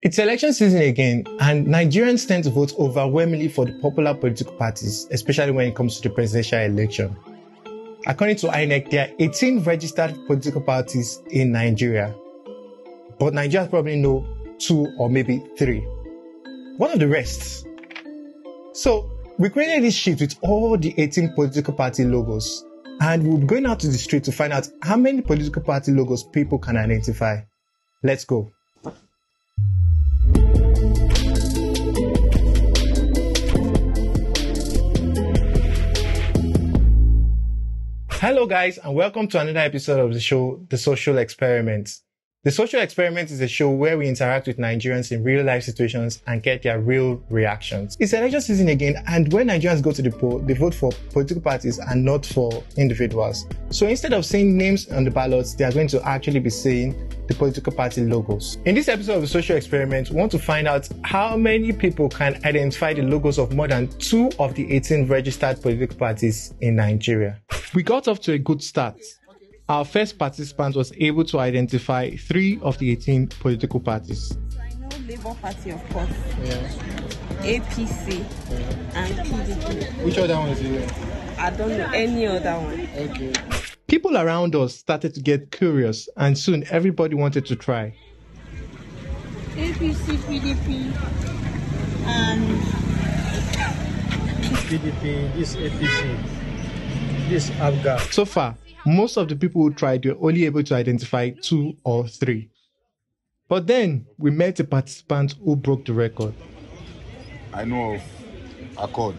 It's election season again, and Nigerians tend to vote overwhelmingly for the popular political parties, especially when it comes to the presidential election. According to INEC, there are 18 registered political parties in Nigeria, but Nigerians probably know two or maybe three. One of the rest. So, we created this sheet with all the 18 political party logos, and we are going out to the street to find out how many political party logos people can identify. Let's go. Hello guys and welcome to another episode of the show, The Social Experiment. The Social Experiment is a show where we interact with Nigerians in real life situations and get their real reactions. It's election season again, and when Nigerians go to the poll, they vote for political parties and not for individuals. So instead of saying names on the ballots, they are going to actually be saying the political party logos. In this episode of the Social Experiment, we want to find out how many people can identify the logos of more than two of the 18 registered political parties in Nigeria. We got off to a good start our first participant was able to identify three of the 18 political parties. So I know Labour Party, of course. Yeah. APC yeah. and PDP. Which other one is it? I don't know any other one. Okay. People around us started to get curious, and soon everybody wanted to try. APC, PDP, and PDP, this APC this So far, most of the people who tried were only able to identify two or three. But then we met a participant who broke the record. I know of Accord.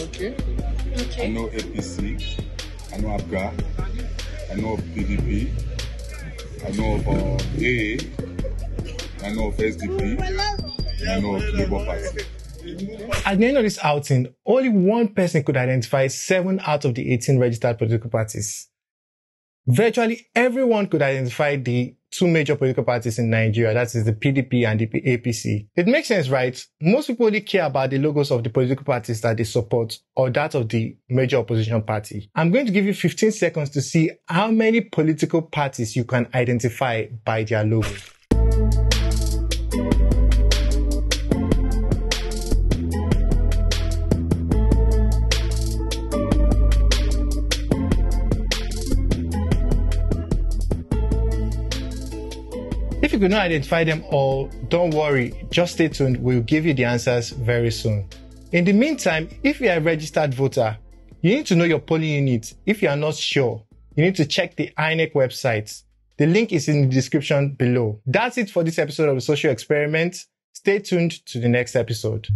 Okay. okay. I know APC. I know Abga. I know of PDP. I know of uh, AA. I know of SDP. I know of Labour Party. At the end of this outing, only one person could identify seven out of the 18 registered political parties. Virtually everyone could identify the two major political parties in Nigeria, that is the PDP and the APC. It makes sense, right? Most people only care about the logos of the political parties that they support or that of the major opposition party. I'm going to give you 15 seconds to see how many political parties you can identify by their logo. If you could not identify them all, don't worry, just stay tuned. We'll give you the answers very soon. In the meantime, if you are a registered voter, you need to know your polling unit. If you are not sure, you need to check the INEC website. The link is in the description below. That's it for this episode of the Social Experiment. Stay tuned to the next episode.